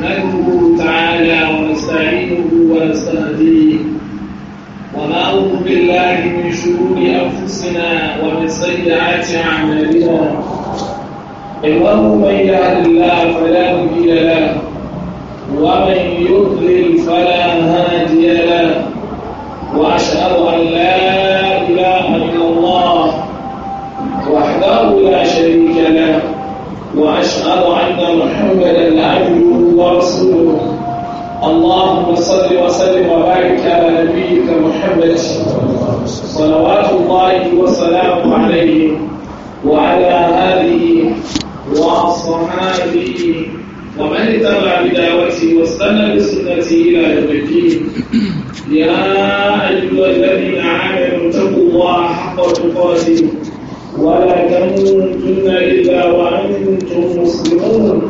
نحمده تعالى ونستعينه ونستهديه ونعوذ بالله من شرور انفسنا ومن سيئات اعمالنا انه من يهد الله فلا مضل له ومن يضلل فلا هادي له واشهد ان لا اله الا الله وحده لا شريك له واشهد ان محمدا عبده ورسوله اللهم صل وسلم وبارك على نبيك محمد صلوات الله وسلامه عليه وعلى آله وأصحابه ومن اتبع بدعوته واستنى بسنته إلى يوم الدين يا أيها الذين آمنوا اتقوا الله حق تقاته ولا تموتن إلا وأنتم مسلمون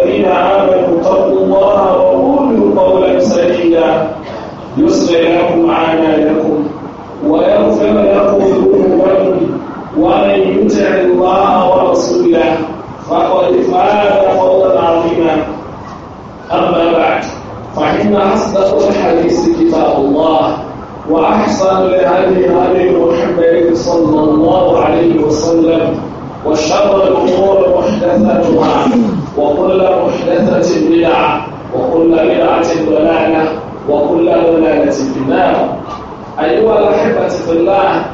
حميدا يصلح لكم أعمالكم ويغفر لكم ذنوبكم ومن يطع الله ورسوله فقد فاز فوزا عظيما أما بعد فإن أصدق الحديث كتاب الله وأحسن لهدي هدي محمد صلى الله عليه وسلم وشر الأمور محدثاتها وكل محدثة بدعة وكل بدعة ضلالة وكل ضلالة في النار أيها الأحبة في الله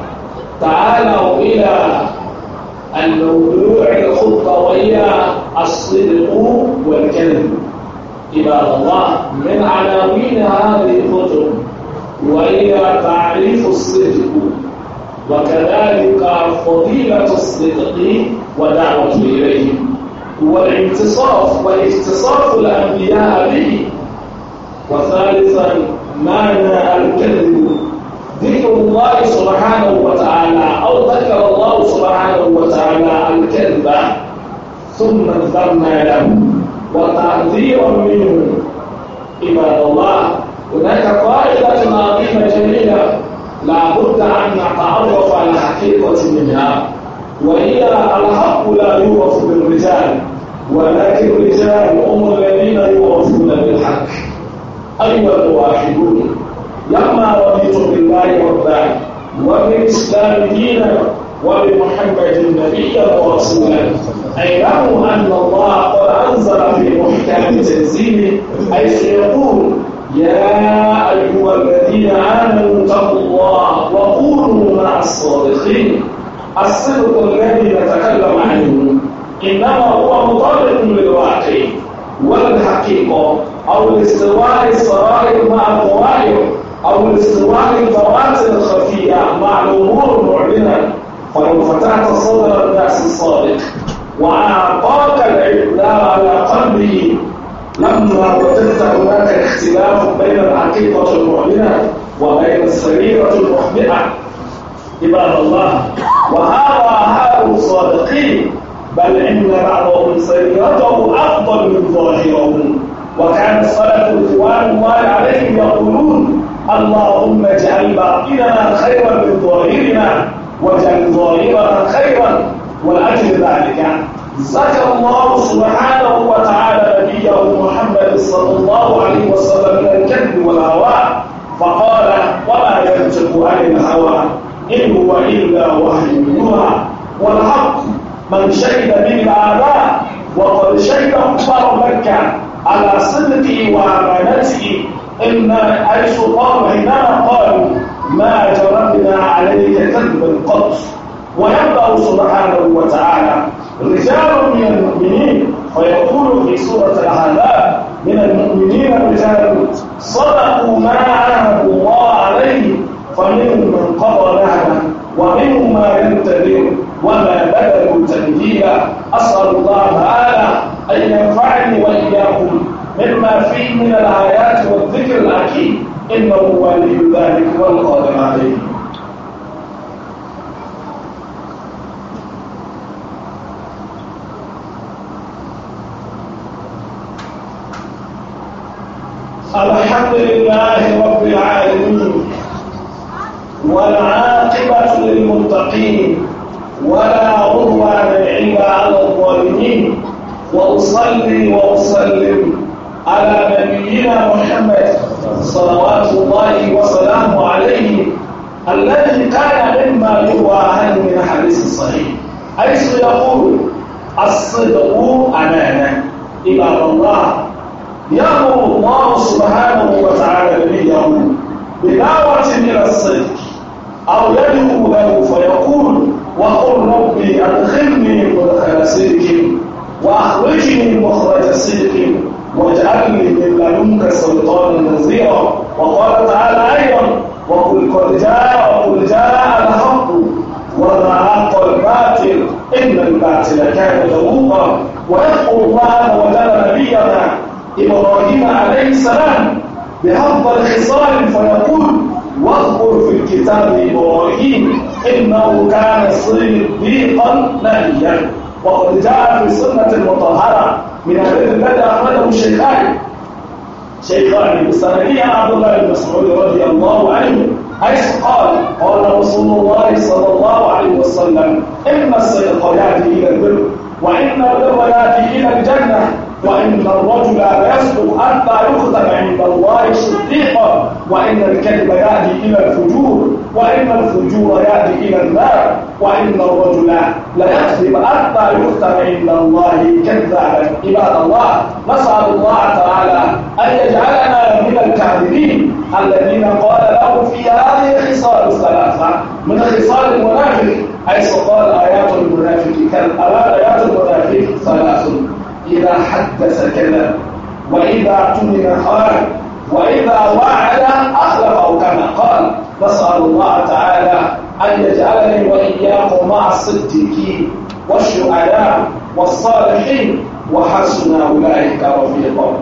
تعالوا إلى الموضوع الخطوية وهي الصدق والكذب عباد الله من عناوين هذه الكتب وهي تعريف الصدق وكذلك فضيلة الصدق ودعوة إليه والانتصاف واختصاص الأنبياء به وثالثا معنى الكذب ذكر الله سبحانه وتعالى أو ذكر الله سبحانه وتعالى الكذب ثم انذرنا له وتعذيرا منه عباد الله هناك قاعدة عظيمة جميلة لابد أن نتعرف على الحقيقة منها وهي الحق لا يوصف بالرجال ولكن الرجال هم الذين يوصفون بالحق أيها الواحدون لما رضيتم بالله ربا وبالإسلام دينا وبمحمد النبي ورسولا أعلم أن الله قد أنزل في محكم تنزيله حيث يقول يا أيها الذين آمنوا اتقوا الله وقولوا مع الصادقين الصدق الذي نتكلم عنه إنما هو مطابق للواقع والحقيقة أو الاستواء الصغائر مع الظواهر أو الاستواء البواطن الخفية مع الأمور المعلنة فلو فتحت صدر الناس الصادق وأعطاك العلم على قلبه لما وجدت هناك اختلاف بين الحقيقة المعلنة وبين السريرة المخبئة عباد الله وهذا حال الصادقين بل إن بعضهم سريرته أفضل من ظاهرهم وكان الصلاة رضوان الله عليهم يقولون اللهم اجعل باطننا خيرا من ظاهرنا واجعل ظاهرنا خيرا ولاجل ذلك ذكر الله سبحانه وتعالى نبيه محمد صلى الله عليه وسلم من الكذب والهوى فقال وما ينطق عن الهوى إن هو إلا وحي يوحى والحق من شهد به الاعداء وقد شهد اكبر مكة على صدقه وأمانته ان اي سلطان حينما قالوا ما جربنا عليك كذبا قط ويبدأ سبحانه وتعالى رجال من المؤمنين فيقول في سورة العذاب من المؤمنين رجال صدقوا ما عاهدوا الله عليه فمنهم من قضى نهبه ومنهم ما ينتظر وما بدلوا تبديلا أسأل الله تعالى أن ينفعني وإياكم مما فيه من الآيات والذكر الحكيم إنه ولي ذلك والقادر عليه الحمد لله رب العالمين والعاقبة للمتقين ولا عدوان إلا على الظالمين وأصلي وأسلم على نبينا محمد صلوات الله وسلامه عليه الذي كان مما يواهن من حديث صحيح حيث يقول الصدق أمانة عباد الله يأمر الله سبحانه وتعالى نبيه بدعوة إلى الصدق أو يدعو له فيقول وقل ربي أدخلني مدخل صدق واخرجني مخرج الصدق واجعلني من لدنك سلطانا نزيرا وقال تعالى أيضا وقل قد جاء وقل جاء الحق وزهق الباطل إن الباطل كان ذوقا ويذكر الله وجل نبينا إبراهيم عليه السلام بأفضل خصال فيقول واذكر في الكتاب إبراهيم إنه كان صديقا نبيا وقد جاء في سنة مطهرة من الذي الذي أخرجه الشيخان شيخان بسندية عبد الله بن مسعود رضي الله عنه حيث قال قال رسول الله صلى الله عليه وسلم إن الصدق يأتي إلى البر وإن البر يأتي إلى الجنة وإن الرجل لا يصدق حتى يخدم عند الله صديقا وإن الكذب يهدي إلى الفجور وإن الفجور يهدي إلى النار وإن الرجل لا يكذب حتى يختم عند الله كذابا عباد الله نسأل الله تعالى أن يجعلنا من الكاذبين الذين قال لهم في هذه الخصال الثلاثة من خصال المنافق حيث قال آيات المنافق كالآيات المنافق ثلاث إذا حدث كذب وإذا اؤتمن خان وإذا وعد أخلف أو كما قال نسأل الله تعالى أن يجعلني وإياكم مع الصديقين والشهداء والصالحين وحسن أولئك رفيقا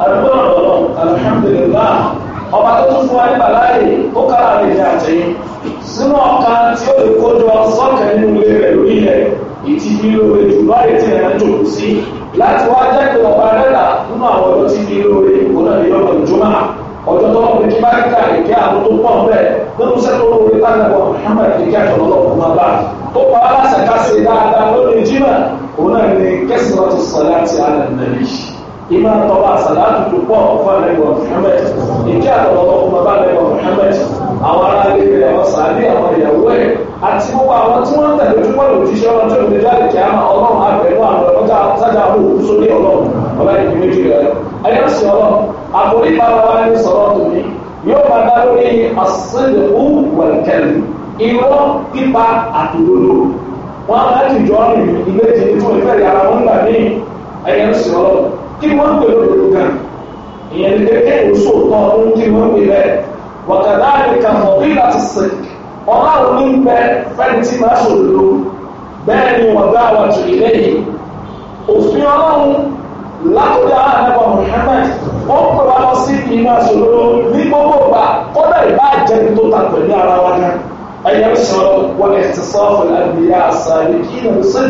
أربعة الله الحمد لله ọba tó tún fún wa nípa láàyè tó kára lè jẹ àtẹyìn sínú ọkàn tí ó lè kó jọ sọ́kàn nínú ilé rẹ̀ lórí ilẹ̀ ìtì bílóore jù báyìí tí ẹ̀rọ jò sí láti wá jẹ́ pé ọba rẹ́là nínú àwọn ọjọ́ tí bílóore ìwò náà ní ọ̀nà ìjọba ọjọ́ tó wọ́n ti bá ká ìkẹ́ àwọn tó pọ̀ bẹ́ẹ̀ nínú sẹ́kọ̀ọ́ orí pàtàkì Muhammad ìkẹ́ àtọ̀lọ́lọ́ máa bá tó pa aláṣàkáṣe dáadáa lórí jimá òun náà ní kẹsàn-án ti sọ láti alẹ́ nàbí ìmọ̀ àtọ́wọ́ àṣàlá àtúntò pọ̀ fún àlẹ́ àwọn ará ilé rẹ̀ àwọn sàárì àwọn ìyàwó ẹ̀ àti gbogbo àwọn tí wọ́n ń tẹ̀lé ojú pọ̀lú òjíṣẹ́ wọn tó lè jáde kí á máa ọlọ́run àbẹ̀wò àwọn ọlọ́jà sájà àwọn òkú sórí ọlọ́run ọlá ìpín méjì rẹ̀ ayọ́sì ọlọ́run àkórí bàbá wa ní sọ̀rọ̀ tòní yóò máa dá lórí àṣìlẹ̀kú wẹ̀lkẹ́lì irọ́ pípa àtòlódò wọn láti jọ rìn ilé ti ní fún ìfẹ́ ìyára wọn gbà ní wàkàdáàlìkà fọ̀bílà ti sìn ọlá òní ń bẹ fẹ́ni tí máa ṣòdodo bẹ́ẹ̀ ni wọ́n bá wà jù ilé yìí òfin ọlọ́run látọ̀dá àdàbà Muhammad ó pè wá lọ sí ìmọ̀ àṣòdodo ní gbogbo ìgbà kódà ìbá jẹni tó ta pẹ̀lú ara wa náà ẹ̀yẹ ń sọ wọn ẹ̀ ti sọ fún àgbéyà àṣà rẹ̀ kí ni sìn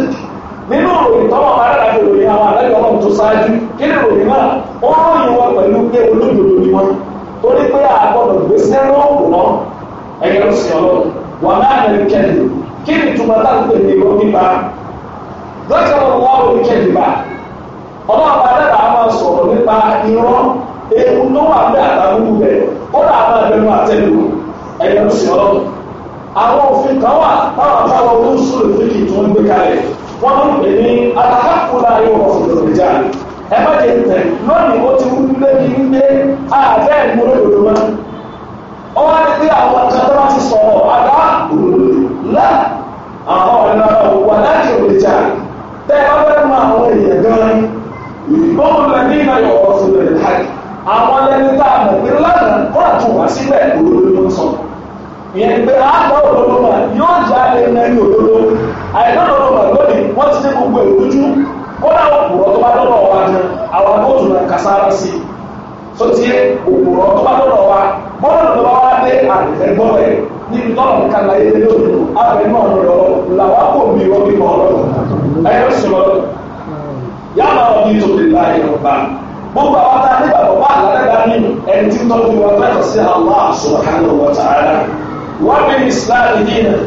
nínú ìròyìn tọ́wọ́ aráàlú ìròyìn àwọn àlẹ́ ìròyìn tó ṣáájú kí ni ìròyìn náà ó ròyìn wọn pẹ̀lú pé olódodo ni wọn torí pé àgbọ̀dọ̀ gbé sẹ́nu ọ̀hún náà ẹ̀yẹ ló sì ọlọ́run wà máa nà kẹ́lì kí ni túmọ̀ tá à ń pè ní ìwọ nípa lọ́jọ́ wọn ò ní kẹ́lì bá ọlọ́run bá dábàá a máa sọ̀rọ̀ nípa irọ́ ewu tó wà ní àtàkùn bẹ̀ ó dà máa bẹnu àtẹnu ẹ̀yẹ ló sì ọlọ́run àwọn òfin kan wà táwọn àtàwọn olóṣù rẹ̀ fi kì í tún gbé kalẹ̀ wọ́n ń pè ní atakùnrin ayé wọn fún ìròyìn ẹ má jẹ tẹ̀ lónìí ó ti wúlú lébi wípé àbẹ́ ìmú olódodo mọ́ ó wá ní bí àwọn kan tó bá ti sọ̀rọ̀ àdá òdodo lá àwọn ọ̀nà wà láti òrìjà tẹ́ ẹ bá fẹ́ mọ àwọn èèyàn gan-an ìgbóhùn lẹ́ni ìnáyọ̀ ọ̀sùn lè láì àwọn ẹni tá a mọ̀ pé lánàá kó àtúwà sílẹ̀ òdodo ló sọ ìyẹn pé àá lọ́dọ̀ wa ni àwọn abóòtú náà kasára sí i tó ti òwúrọ̀ tó bá lọ́dọ̀ wa bọ́ọ̀lù tó bá wá dé àgbẹ̀gbọ́ rẹ̀ níbi tọ́lọ̀ kàlà yé lónìí abẹ́mọ̀ lọ làwọn kò mí wọ́n bí mọ́ lọ́dọ̀ ẹ̀yọ́ sọ̀rọ̀ yàrá ọ̀bí tó lè bá yẹn bá gbogbo àwọn tá a ní bàbá bá àlàdàgbà nínú ẹni tí tọ́jú wa tẹ́tọ̀ sí àwọn àṣọ àkànlọ̀ wọ̀ tààrà wọ́n bí Islam yìí náà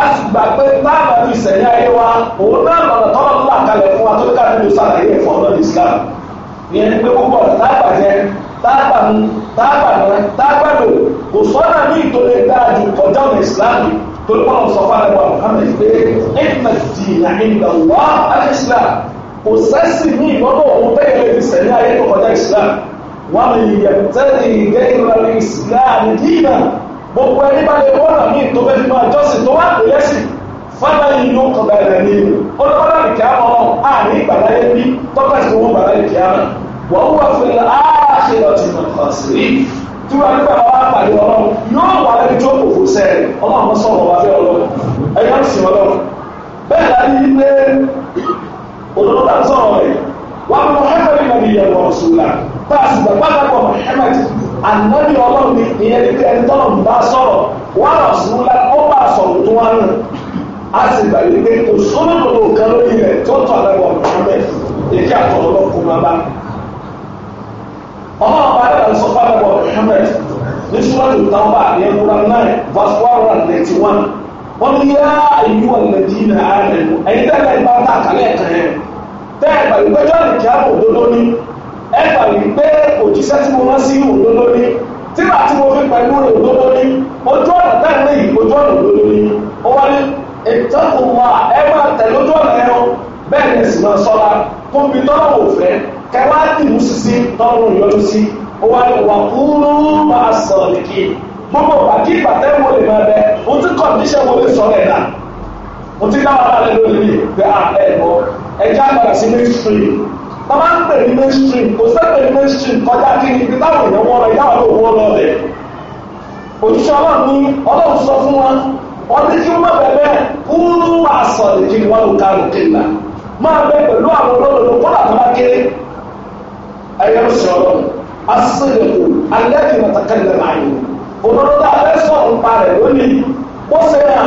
a sì gbà pé táàmù àti ìsẹ̀yìn ayé wa òun náà lọ́nà tọ́lọ̀ ńlá kalẹ̀ fún wa tó ká nínú sàlàyé ẹ̀fọ́ ọ̀nà Islam ìyẹn ni pé púpọ̀ tábàjẹ tábàmú tábàná tábàdò kò sọ́nà ní ìtòlẹ̀ dáa ju kọjá ọ̀nà Islam torí wọn sọ fún àdàbọ̀ Muhammad pé ẹ̀dínmà ti ìyá ẹ̀dínmà wá àti Islam kò sẹ́sì ní ìgbọ́dọ̀ òun bẹ́ẹ̀ lè fi sẹ̀yìn ayé tó kọjá Islam wọ́n mi yẹ tẹ́lẹ̀ ìgẹ́ ìrọ̀lẹ́ Islam dínà gbogbo ẹni bá lè wọ́n àmì tó fẹ́ fi máa jọ́sìn tó wá pè lẹ́sìn fọ́nà inú ọ̀gá ẹ̀rẹ̀ ni olùkọ́lá lè kíá mọ́ àní ìgbàlá yẹn bí tọ́ka sí owó gbàlá lè kíá mọ́ wọ́n wà fún ilẹ̀ àṣẹ ọtí mọ̀ kàn sí tí wọ́n nígbà wọn àpàdé ọlọ́run yóò wà lẹ́ni tó kò fún sẹ́ẹ̀ ọlọ́run sọ̀rọ̀ wá fẹ́ ọlọ́run ẹ̀yọ́ sì ọlọ́run bẹ́ẹ̀ wọn muhammed nàbí yẹn wọn sùlá bá a sì gbà gbàgbà pọ̀ muhammed ẹni tọ́nà ń bá sọ̀rọ̀ wọn rà ó bá a sọ̀rọ̀ a sì gbà yìí pé kò tó kan lórí tó èyí bá ọmọ ní verse one bẹ́ẹ̀ gbà wípé jọ́ọ̀nì kí á mọ̀ òdodo ní ẹ gbà wípé òjíṣẹ́ tí mo rán sí òdodo ní tíra tí mo fi pẹ̀lú rẹ̀ òdodo ní ojú ọ̀nà táìlé yìí ojú ọ̀nà òdodo ní ó wá ní ìtọ́kùn wa ẹ máa tẹ̀lé ojú ọ̀nà ẹran bẹ́ẹ̀ ni sì máa sọ́ra tó ń bi tọ́lọ̀ òfẹ́ kẹwàá dìbò sísí tọ́lọ̀ ìyọnu sí ó wá ní wà kúrú máa sọ̀rọ̀ nìkì gbogbo pàkí pàtẹ́ mo lè máa bẹ mo ti kọ̀ndíṣẹ́ mo lè sọ̀rọ̀ ẹ̀dá mo ti dáwọ́ alẹ́ lórí mi pé à ah, ẹja padà sí mainstream bàbá ń pè ní mainstream kò sí pè ní mainstream kọjá kí ni ibi táwọn èèyàn wọ́n lọ ìyáwó ló wọ́n lọ bẹ̀. òṣìṣẹ́ ọlọ́run ní ọlọ́run sọ fún wọn wọ́n ti kí wọ́n bẹ̀ bẹ́ẹ̀ kúrú àṣọ ìdí ni wọ́n lò ká lò kéèlà máa bẹ pẹ̀lú àwọn olóòlò kó làtọ́ bá kéré ẹ̀yẹ ń sọ ọlọ́run asísè lèkò alẹ́ kì í nàtàkẹ́ lẹ́nu àyè òdòdó tá a fẹ́ sọ̀rọ̀ ń parẹ̀ lónìí ó ṣe náà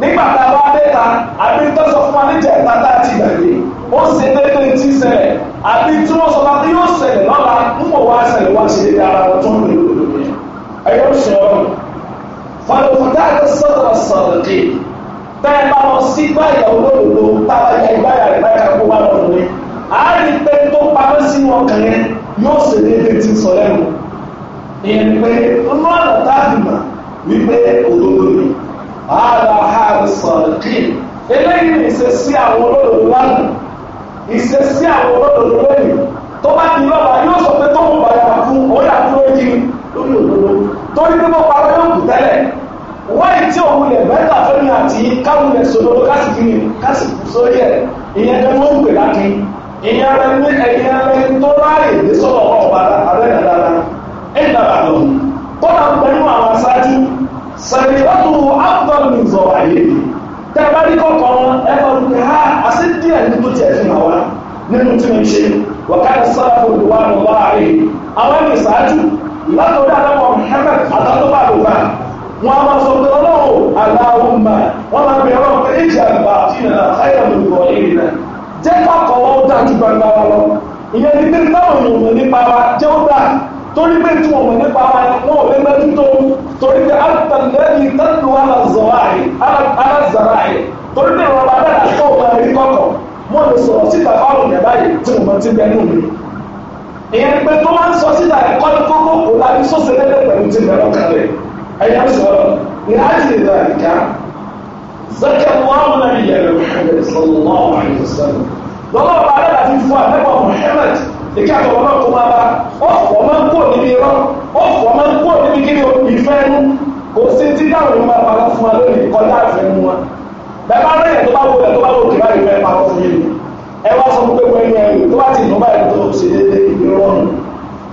nígbà tá a bá dẹ́ta àbí tó sọ fún wa níjà ìta tá a ti gbàgbé ó ṣe déédéé tí ń ṣẹlẹ̀ àbí tí wọ́n sọ fún wa yóò ṣẹlẹ̀ lọ́la ń bọ̀ wá ṣẹlẹ̀ wá ṣe déédéé ara wọn tó ń lò lò lò ẹ̀yọ́ ṣe ọ̀rọ̀ fàlùfùdá àti sọ̀rọ̀ sọ̀rọ̀ dé tẹ́ ẹ bá lọ sí gbáyà olóòlò táwa ya ìgbáyà rẹ̀ báyà kó wá lọ́dún ni àárí pé tó pamọ́ sí wọn kàn yẹn yóò ṣe déédéé tí ń sọ lẹ́nu ìyẹn pé ọmọ àlọ́ ààrà ààrẹ sọ̀rọ̀kì eléyìí ní ìṣesí àwọn olódodo lánàá ìṣesí àwọn olódodo lónìí tó bá ti lọ́la yóò sọ pé tóun bá yàrá fún òun yà dúró jí lórí òdodo torí pé mo parọ́ yóò kù tẹ́lẹ̀ wáyé tí òun lè bẹ́tà fẹ́mi àti káwọn lè sòdodo kásìkì ní kásìkì sórí ẹ̀ ìyẹn tó ń pè láti ìyẹn rẹ ní ẹ̀yìn rẹ tó ráàyè dé sọ́dọ̀ ọ̀pá àbẹ́rẹ́ dáadáa ẹ̀ dábàá lọ́hùn kọ́nà pẹ̀lú àwọn aṣáájú sẹ̀rìndínlọ́tò áfọ̀dù ní ìzọ̀ àyè yìí tẹ́ bá rí kọ́kọ́ ẹ̀kọ́ lùkẹ́ ha àti díẹ̀ ní tó tiẹ̀ fún àwa nínú tí mo ṣe wọ̀kárẹ̀ sọ́dọ̀ olùwà ní ọba àárẹ̀ àwọn ẹ̀mí ìsáájú látọ̀dọ̀ àdàpọ̀ Muhammad àtàtọ́bà àdùbà wọn a máa sọ pé ọlọ́run aláwọ̀mà wọn máa bẹ̀rẹ̀ ọ̀rọ̀ pé èjì àgbà àti ìnana ayọ̀ lùkọ̀ ìrìnà jẹ́ kọ́kọ́ wọn dájú gbangba wọn lọ ìyẹn ní pé táwọn èèyàn mọ̀ nípa wa jẹ́ ó dà torí pé tí wọ́n mọ̀ nípa wa wọn ò lè torí pé alùpàdé tẹ́lu alàzọ̀ráì alàzọ̀ráì torí pé ìrọ̀lá bẹ́ẹ̀ àtọ́ ọmọ ẹ̀rí kọ̀kọ̀ mo lè sọ̀rọ̀ síta fáwọn ìyẹn báyìí tí mo ti bẹnu mi ìyẹn pé tó máa ń sọ síta ẹ̀kọ́ ní kókó kò lábí sọ́sẹ̀ lẹ́lẹ́ pẹ̀lú ti bẹ̀rẹ̀ kalẹ̀ ẹ̀yà sọ̀rọ̀ ní àti ìlà ìjà zakẹ́ wọn náà yẹ̀rẹ̀ Muhammad sallallahu alayhi wa sallam lọ́wọ́ bàbá àti fún àtẹ́kọ̀ọ́ Muhammad ìkẹ́ àtọ̀wọ́ náà kó máa bá ọ̀fọ̀ máa ń kó níbi irọ́ ọ̀fọ̀ máa ń kó níbi kí ni ìfẹ́ nu kò sí tí dáhùn máa parọ́ fún wa lónìí kọjá ìfẹ́ nu wa bẹ́ẹ̀ bá rẹ̀ tó bá wo rẹ̀ tó bá wo kìlá ìfẹ́ parọ́ fún yìí ẹ wá sọ pé wọ́n ẹni ẹ̀rù tó bá ti nù báyìí tó ṣe déédéé ìrọ̀rùn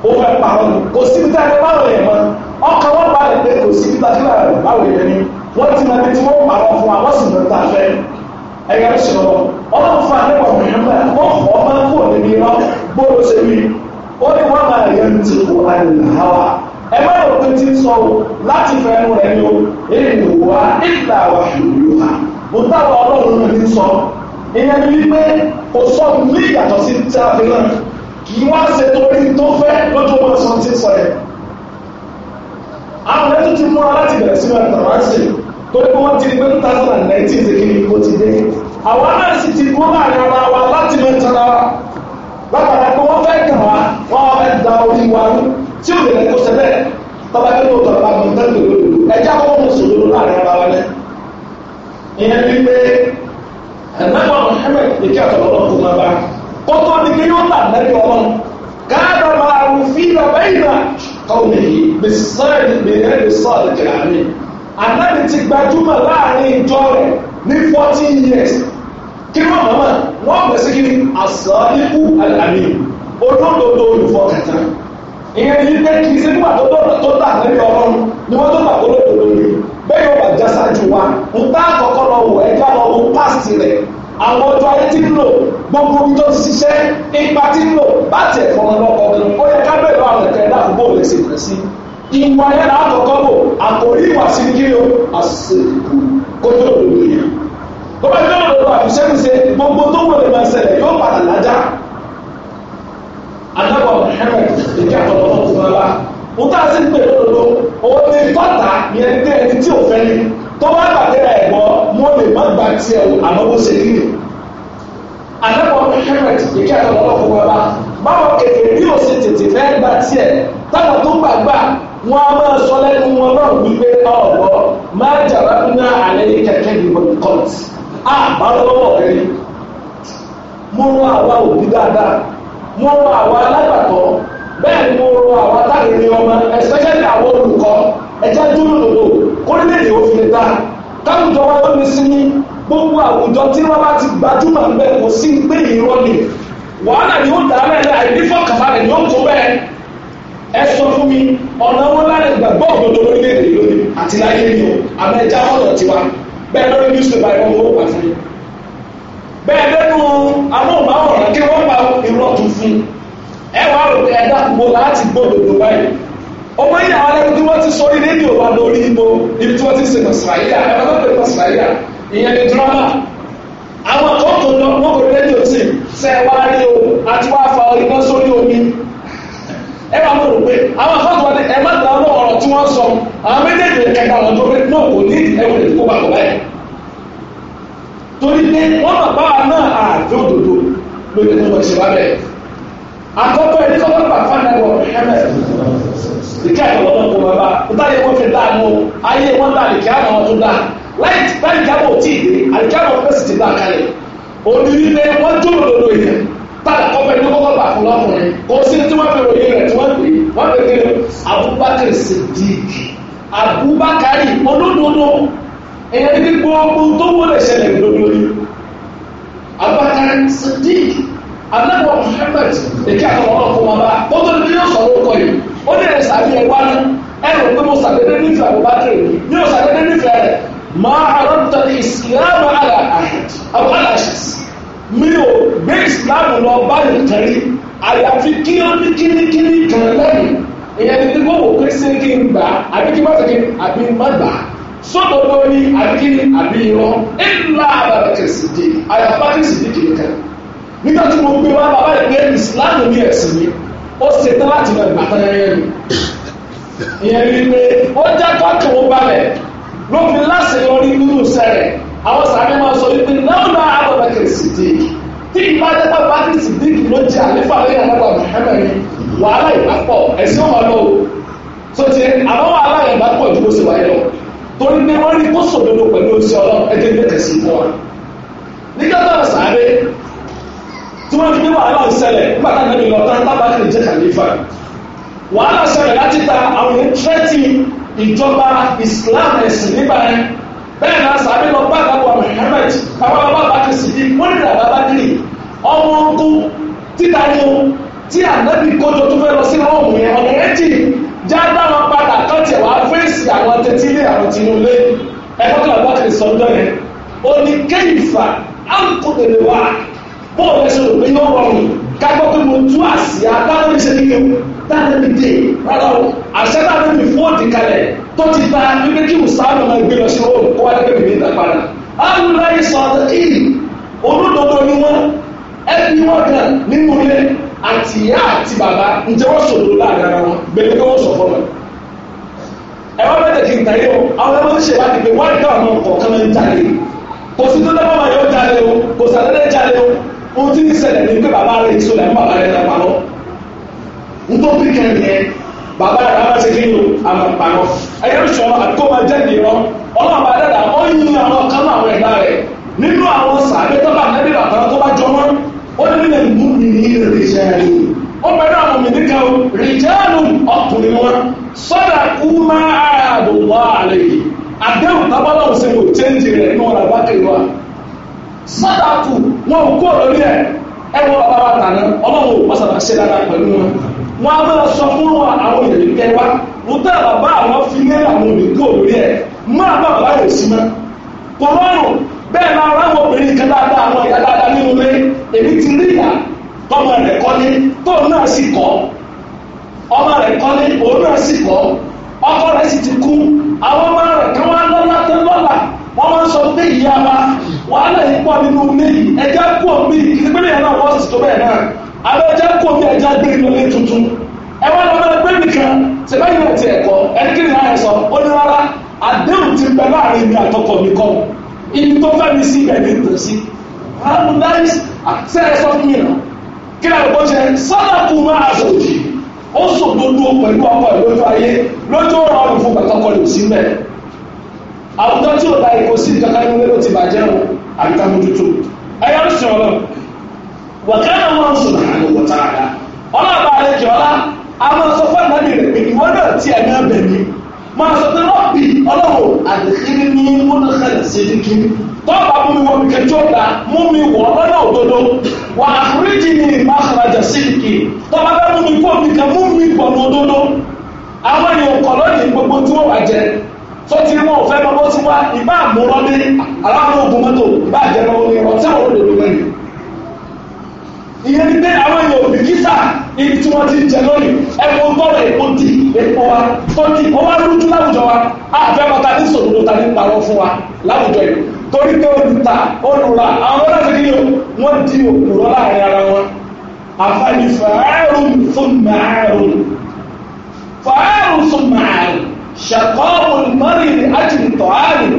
ó fẹ́ parọ́ ni kò sí tí dáhùn báwọn yẹn mọ́ ọkàn wọn bá rẹ̀ pé kò sí tí dáhùn báwọn yẹn ni wọ́n ti mọ ẹ̀yẹ sọ̀rọ̀ ọlọ́run fún àlẹ́ wọn nígbà wọn kọ́ máa ń kó gbọ́dọ̀ ṣe wí ó ní wọ́n máa yẹ ti kó àlùhàwà ẹ má lọ pé tí ń sọ o láti fẹ́ ẹnu rẹ ni o èyí ni wà lóyún ha mo táwọn ọlọ́run ní sọ ìyẹn ni wípé kò sọ ní ìyàtọ̀ sí tí a náà kì í wá ṣe torí tó fẹ́ lójú ọmọ sọ ti sọ yẹn àwọn ẹni tó ti múra láti bẹ̀rẹ̀ sí ẹ̀tàn torí pé wọ́n ti rí pé two thousand and nineteen ṣe kiri kó ti dé àwa náà sì ti kó láàrin ara wa láti mọ ìtara wa látara pé wọ́n fẹ́ kàn wá wọ́n wá fẹ́ da orí wa rú tí ò lè kó ṣe bẹ́ẹ̀ tọ́ba tó lóòótọ́ bá mi tán lòlò ẹ̀já kó mo sòrò láàrin ara wa lẹ́ ìyẹn ni pé ẹ̀nàmọ́ Muhammad ìkí àtọ̀lọ́lọ́ fún wa bá kó tó ní kí yóò tà lẹ́yìn ọlọ́run káàdà máa rú fílà bẹ́yìn náà kọ́ ànábì ti gbajúmọ̀ láàrin ìjọ rẹ̀ ní fourteen years kí wọ́n mọ̀ mọ̀ wọ́n bẹ̀ sí kí àṣà ikú àlàmì olódodo olùfọkàtà ìyẹn ní pé kì í sí nígbà tó dọ̀dọ̀ tó dà lórí ọlọ́run ni wọ́n tó gbà kó lódodo ni bẹ́ẹ̀ yóò wà já sáájú wa ń tá àkọ́kọ́ lọ wọ̀ ẹja lọ wo past rẹ̀ àwọn ọjọ́ ayé ti ń lò gbogbo omi tó ti ṣiṣẹ́ ipa ti ń lò bá tiẹ̀ fọmọ lọ́kọ̀ọ́kan ó yẹ ká bẹ̀rẹ̀ àwọn ẹ̀ka ẹ̀dá àdúgbò rẹ̀ sì rẹ̀ sí ìwà yẹn láàkọ́kọ́ bò àṣìṣẹ́kù kójú òdòdó yẹn tó bá jẹ́ òdòdó àfiṣẹ́kù ṣe gbogbo tó wọlé máa ṣẹlẹ̀ yóò padà lájà adábọ̀ Muhammad ìjà àtọ̀tọ̀ tó fún wa ó tá a sì ń pè lódodo owó ti kọ́ta yẹn tẹ́ ẹni tí ò fẹ́ ni tó bá gbàgbé ẹ̀gbọ́ mo lè má gba tiẹ̀ o àmọ́ bó ṣe rí ni adábọ̀ Muhammad ìjà àtọ̀tọ̀ tó fún wa báwọn kékeré bí ó ṣe tètè fẹ́ gba tiẹ̀ táwọn tó gbàgbà wọn á máa sọ wọn náà wípé ọ̀gbọ́ máa jàrá ní àlẹ́ ní kẹ̀kẹ́ ìwé kọ́ọ̀tì àbá lọ́wọ́ rẹ̀ ni mo rọ àwa òbí dáadáa mo rọ àwa alágbàtọ́ bẹ́ẹ̀ ni mo rọ àwa táyìrì ọmọ especially àwọn olùkọ́ dúró lòdò òfin gbogbo àwùjọ tí ti kò sí wàhálà ni ó ni ó ẹ sọ fún mi ọ̀nà wọn lára ìgbàgbọ́ òdodo lórílẹ̀ lónìí àti láyé ni o àmọ́ ẹja ọ̀dọ̀ tiwa bẹ́ẹ̀ lórí newspaper ẹ̀rọ owó wà fún mi bẹ́ẹ̀ lẹ́nu amóhùnmáwòrán kí wọ́n pa irọ́ tún fún ẹ wàá rò pé ẹ̀dá gbogbo láti gbòdòdò báyìí ọmọ yìí àwọn ẹni tí wọ́n ti sọ ilé ní òwà lórí ibo ibi tí wọ́n ti ń ṣe drama àwọn tó tó lọ wọ́n kò rédíò tì sẹ́ẹ̀ wá rí ẹ máa àwọn afọ́tò wa ní ẹ má ọ̀rọ̀ tí wọ́n sọ àwọn méjèèjì kẹta wọn tó pé náà kò ní ẹwù lè kó bàbá torí pé wọ́n bàbá náà àjọ òdòdó lórí bẹ̀ àkọ́kọ́ bá náà ìkẹ́ náà wọ́n fi ayé wọn tó láì láì jábọ̀ táà kọ́pẹ́ ní kọ́kọ́ gbà fún lọ́kùnrin kò sí tí wọ́n fi ròyìn rẹ̀ tí wọ́n pè wọ́n pè kí Abubakar Siddiq Abubakari olódodo èyàn ní gbogbo tó wọlé ṣẹlẹ̀ lódodo yìí Abubakar Siddiq anábọ̀ Muhammad èké àtọwọ́ náà fún wọn bá ó tó ní yóò sọ̀rọ̀ ọkọ yìí ó ní ẹ̀sà bí ẹ̀ wánú ẹ̀rù pé mo sàdédé nífẹ̀ẹ́ Abubakar ní o sàdédé nífẹ̀ẹ́ rẹ̀ máa àrọ́ntọ́ mi ò gbé ìsìláàmù lọ báyìí tẹ̀lé àyàfi kíní kíní kíní kan lẹ́yìn ìyẹn ní kó wò pé ṣé kí n gbà àbí kí n má ṣe kí àbí n má gbà sọ́dọ̀dọ̀ ni àbí kí ni àbí irọ́ ńlá àbàbàkẹ́ sì di àyàfà kí sì di kìí kan nígbà tí mo gbé wá bàbá ìgbé ìsìláàmù ní ẹ̀sìn mi ó ṣe tán láti lọ ìgbà tán yẹn mi ìyẹn ni pé ó jẹ́ tọ́kùn balẹ̀ ló fi láṣeyọrí nínú sẹ́rẹ̀ àwọn sàbẹ̀ máa sọ wípé náà náà Abubakar Siddiq tí ìbá dẹ́pà bákì Siddiq ló jẹ àlefa lẹ́yìn àdàbà Muhammad wàhálà ìbápọ̀ ẹ̀sìn ọmọ lọ o tó ti àwọn wàhálà ìbápọ̀ ju bó ṣe wáyé lọ torí pé wọ́n rí tó sòdodo pẹ̀lú oṣù ọlọ́run ẹjẹ́ ilé tẹ̀sí fún wa nígbà táwọn sàbẹ̀ tí wọ́n fi ní wàhálà ìṣẹ̀lẹ̀ nígbà táwọn ẹ̀mí lọ tán tábàkì jẹ́ kàlífà wàhálà ìṣẹ̀lẹ̀ láti ta àwọn ìjọba Islam ẹ̀sìn níbàárẹ̀ bẹ́ẹ̀ náà sàbí lọ bá àgbàgbọ́ Muhammad àwọn bàbá àbákẹ́ sì ní wọ́n nílẹ̀ bàbá kiri ọmọ ogun títa ni o tí ànábì kójọ tó fẹ́ lọ sí rọ́ọ̀mù yẹn ọ̀nà méjì já dáwọn padà kọ́tì wàá fèsì àwọn tẹ́tílé àwọn tìǹbù ẹ̀kọ́ tó àbákẹ́ sọ́ńdọ̀ yẹn ó ní kẹ́yìfà áńkùnrin wà bọ́ọ̀lù ẹ̀sùn òpin yóò rọrùn kápọ́ pé mo tú àsìá táwọn ìṣẹ́ kíkẹ́ táwọn ìdè rárá o àṣẹ táwọn ìfowópamọ́ kalẹ̀ tó ti gba wípé kí mùsàlù máa gbé lọ sí rome kó wá dẹ́gbẹ́ mi ìtàpadà alùláyé sọ̀tẹ̀ ìlú olódodo ni wọ́n ẹbí wọn gan nínú ilé àti ìyá àti bàbá ǹjẹ́ wọ́n sòdò láàrin ara wọn gbẹ̀gbẹ́ kí wọ́n sọ fọ́nà ẹ̀wọ́n mẹ́tẹ̀ kí n tàyé o àwọn ẹgbẹ́ tó ṣe wá dìgbẹ́ wọ́n dá àwọn kọ̀ọ̀kan máa ń jáde kò sí tó dábàá máa yọ jáde o kò sàdédé jáde o ohun tí ń ṣẹlẹ̀ ní pé bàbá rẹ̀ ìṣòlẹ̀ ń bàbá rẹ̀ bàbá rẹ̀ bàbá ṣe kí ni àmàpànà ẹ̀yẹ́ sọ àtọ́wájáde rọ ọlọ́run bá dàda ó yin àwọn kánú àwọn ẹ̀dá rẹ̀ nínú àwọn sàbẹ̀ tó bá nẹ́bí bàtàrà tó bá jọ wọn ó ní nílẹ̀ mú mi ní ìrìnsẹ̀ rẹ̀ ó bẹ̀rẹ̀ àwọn mìíràn rìjẹ́nu ọkùnrin wọn sọ́dà kú máa ààbò wá àlẹ́ yìí àdéhùn tábọ́lá ò sẹ́yìn ò chẹ́ǹjì rẹ̀ nínú ọ̀rọ̀ àbákẹ́ wa sọ́dà kú wọn ò kó lórí ẹ̀ ẹ̀ wọ́n bàbá wa tàná ọlọ́run ò pàṣẹ wọ́n á máa sọ fún àwọn èèyàn yìí kẹwa wọ́n tẹ́ bàbá àwọn fi ní àwọn òmìnkó lórí ẹ̀ máa bá bàbá yóò sí mọ́ kòrónù rọrùn bẹ́ẹ̀ máa obìnrin kan dáadáa àwọn ìyá dáadáa nínú ilé èmi ti rí ìyá tọmọ tóun náà sì ọmọ òun náà sì ọkọ sì ti kú àwọn ọmọ tó máa sọ pé ìyá wa wàhálà abẹ́jẹ́ kò ní ẹja gbé ní ilé tuntun ẹ wá lọ́mọ ẹgbẹ́ nìkan sẹ́fẹ́ yìí ti ẹ̀kọ́ ẹni kí ni láyé sọ ó ní rárá àdéhùn ti bẹ láàrin mi àtọkọ mi kọ́ ibi tó fẹ́ mi sí ibẹ̀ ní ìtàn sí àrùn sọ fún mi kí ni àgbọ̀ jẹ sọ́dọ̀kù máa sọ òjì ó sọ gbogbo pẹ̀lú ọkọ ẹ̀ lójú ayé lójú ọ̀rọ̀ ọ̀rùn fún pẹ̀tọ́kọ lè sí mẹ́ àwùjọ tí ò láyé kò sí ìjọba ẹni lé ti bàjẹ́ wọn àbíkà mójútó ẹ̀yà ń sọ̀rọ̀ wàkàrà wọn sùn àánú wọ̀tá àdá ọlọ́ọ̀bá rẹ̀ jọ ọlá a máa sọ fún àgbàdì rẹ̀ pé ìwọ náà ti ẹ̀mí ọbẹ̀ mi máa sọ pé rọ́ọ̀bì ọlọ́wọ̀ àdìkírí ní múnákàlẹ̀ sídìkì tọ́ọ̀bà mú mi wọ mi kẹjọ gbà mú mi wọ lọ́nà òdodo wà àforíjì ní ìmáṣàlájà sídìkì tọ́ọ̀bà bá mú mi kó mi kẹ mú mi bọ̀ ní òdodo àwọn èèyàn kọ̀ lọ́ọ̀dì gbogbo tí wọ́n wà jẹ tó ti wọn ò fẹ́ mọ́ bó ti wá ìbá àmúrọ́lé aláwọ̀ ogun mọ́tò ìbá àjẹmọ́ omi ọ̀tí àwọn olè ìyẹn ní pé àwọn èèyàn òbí kísà ibi tí wọ́n ti ń jẹ lónìí ẹ̀kọ́ gbọ́dọ̀ èkó di èkó wa tó di wọ́n wá lójú láwùjọ wa àfẹ́ bàtà ní sòdodo ta ní parọ́ fún wa láwùjọ yìí torí pé olùta olùra àwọn ọlọ́sẹ̀ kí ni wọ́n di òkúrọ́ láàrin ara wọn àfààní fàárùn fún màárùn fàárùn fún màárùn ṣàkọ́ọ̀bùn mọ́rin àti ìtọ̀hárùn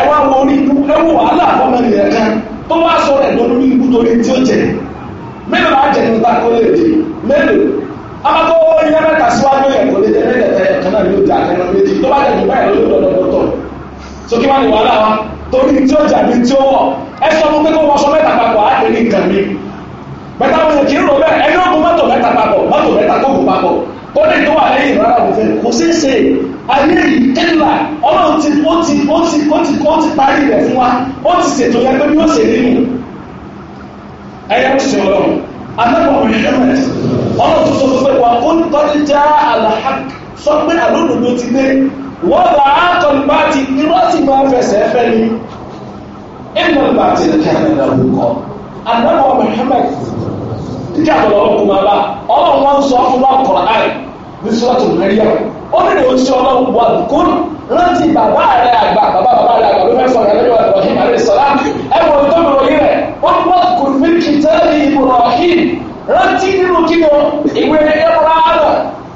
ẹ̀wọ̀n orí ibú ẹ̀wọ̀n wàhálà àbọ̀mọ́rin ẹ̀ka tó wá sọ̀rọ̀ ẹ̀dọ́ lórí ibú torí tí ó jẹ́ mélòó máa jẹ nípa kó lè dé mélòó amakó yẹ mẹ́ta síwájú yẹ kó lè dé mẹ́tẹ̀ẹ̀tẹ̀ ẹ̀kan náà yóò dé akẹ́nà méjì tó bá jẹ nípa yẹ lórí ọ̀dọ̀ dọ́tọ̀ sókè wá ní wàhálà wa torí tí ó jà ní tí ó wọ̀ ẹ sọ fún pé kó wọṣọ mẹ́ta papọ̀ á lè ní nǹkan mi bẹ́tà wọn kì í rò bẹ́ẹ̀ ẹni ogun mọ́tò mẹ́ta papọ̀ mọ́tò mẹ́ta kó gùn papọ̀ ó lè tó wà lẹ́yìn rárá òfin kò ṣeé ṣe ayé yìí kẹ́là ọlọ́run ti ó ti ó ti ó ti parí rẹ̀ fún wa ó ti ṣètò yẹn pé bí ó ṣe rí nù ẹ̀yẹ́ ń ṣe lọ́wọ́ anábọ̀ Muhammad ọ̀nà tó sọ pé wà ó ń tọ́jú já alahak sọ pé àlódodo ti dé wọ́n bá a kọ́ ní báàtì irọ́ sì máa fẹsẹ̀ fẹ́ ni ẹ̀mọ́ ní báàtì rẹ̀ kí àná ló kọ́ anábọ̀ Muhammad kíkẹ́ àbọ̀lọ́ ọkùnrin máa bá ọlọ́run wọn sọ fún wa kọ̀ọ̀án ní sọ́ọ̀tù mẹ́ríà ó ní rántí bàbá rẹ àgbà bàbá bàbá rẹ àgbà ló fẹ́ sọ̀rọ̀ ẹ̀rọ ìwà ìwà ìwà ìsọ̀lá ẹ̀wọ̀n tó lọ yí rẹ̀ wọ́n ní wọ́n kò ní kí tẹ́lẹ̀ Ibrahim rántí nínú kí wọn ìwé ẹ̀rọ ààrẹ